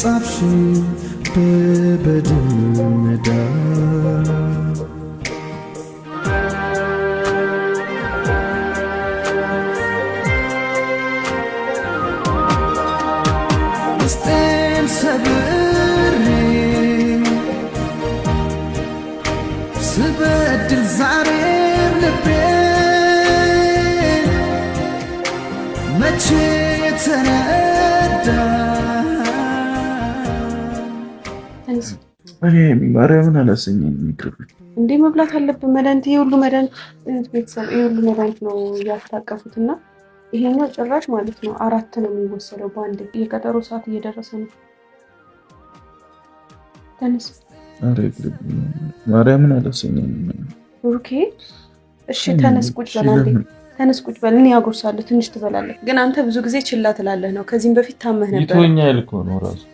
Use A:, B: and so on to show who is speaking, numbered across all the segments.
A: ጻፍሽ በበድመዳ ውስጤን ሰብሬ ስበድል ዛሬ ልቤ መቼ
B: ማርያም ማርያምን
C: እንዴ መብላት አለብን። መድኃኒት ይሄ ሁሉ መድኃኒት ቤተሰብ ይሄ ሁሉ መድኃኒት ነው ያልታቀፉት እና ይሄኛው ጭራሽ ማለት ነው አራት ነው የሚወሰደው በአንድ የቀጠሮ ሰዓት እየደረሰ ነው። ተነስ ማርያምን እሺ ተነስ ቁጭ በል ተነስ ቁጭ በል እኔ ትንሽ ትበላለህ። ግን አንተ ብዙ ጊዜ ችላ ትላለህ ነው። ከዚህም በፊት ታመህ
B: ነበር። እኮ ነው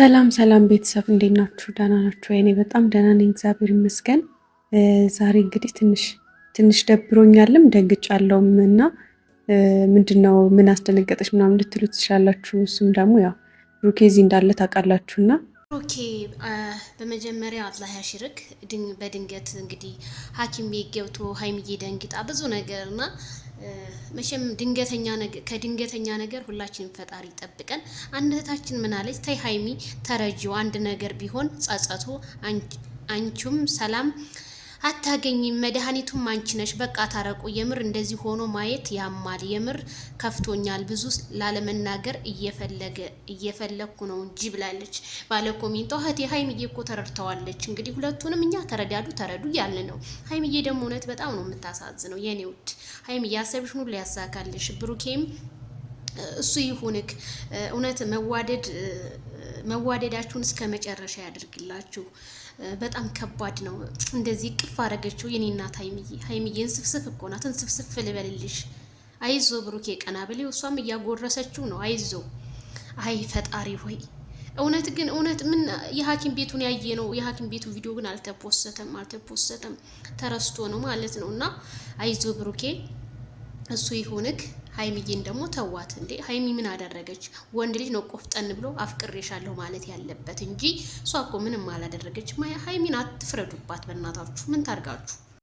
D: ሰላም ሰላም ቤተሰብ እንዴት ናችሁ? ደህና ናችሁ? እኔ በጣም ደህና ነኝ፣ እግዚአብሔር ይመስገን። ዛሬ እንግዲህ ትንሽ ትንሽ ደብሮኛልም አለውም እና ምንድነው ምን አስደነገጠች ምናምን ልትሉ ትችላላችሁ። እሱም ደግሞ ያው ሩኬ እዚህ እንዳለ ታውቃላችሁና
E: ሩኬ በመጀመሪያ አላህ ያሽርክ። በድንገት እንግዲህ ሐኪም ቤት ገብቶ ሀይሚዬ ደንግጣ ብዙ ነገር እና መቼም ድንገተኛ ነገር ከድንገተኛ ነገር ሁላችንም ፈጣሪ ይጠብቀን። አንድ እህታችን ምን አለች? ተይ ሀይሚ ተረጂው አንድ ነገር ቢሆን ጸጸቱ አንቺም ሰላም አታገኝም። መድኃኒቱም አንቺ ነሽ። በቃ ታረቁ። የምር እንደዚህ ሆኖ ማየት ያማል። የምር ከፍቶኛል። ብዙ ላለመናገር እየፈለገ እየፈለግኩ ነው እንጂ ብላለች ባለ ኮሜንቷ። እህቴ ሀይምዬ እኮ ተረድተዋለች። እንግዲህ ሁለቱንም እኛ ተረዳዱ ተረዱ ያልን ነው። ሀይምዬ ደግሞ እውነት በጣም ነው የምታሳዝነው የኔ ውድ ሀይምዬ። አሰብሽን ሁሉ ያሳካልሽ። ብሩኬም እሱ ይሁንክ እውነት መዋደድ መዋደዳችሁን እስከ መጨረሻ ያደርግላችሁ። በጣም ከባድ ነው። እንደዚህ ቅፍ አረገችው የኔ እናት ሀይሚዬ። ሀይሚዬ እንስፍስፍ እኮ ናት። እንስፍስፍ ልበልልሽ። አይዞ ብሩኬ ቀና ብሌ። እሷም እያጎረሰችው ነው። አይዞ። አይ ፈጣሪ ሆይ እውነት ግን እውነት ምን የሐኪም ቤቱን ያየ ነው። የሐኪም ቤቱ ቪዲዮ ግን አልተፖሰተም፣ አልተፖሰተም ተረስቶ ነው ማለት ነው። እና አይዞ ብሩኬ እሱ ይሁንክ። ሀይሚዬን ደግሞ ተዋት እንዴ! ሀይሚ ምን አደረገች? ወንድ ልጅ ነው ቆፍጠን ብሎ አፍቅሬሻለሁ ማለት ያለበት እንጂ እሷ እኮ ምንም አላደረገች። ሀይሚን አትፍረዱባት በእናታችሁ። ምን ታርጋችሁ?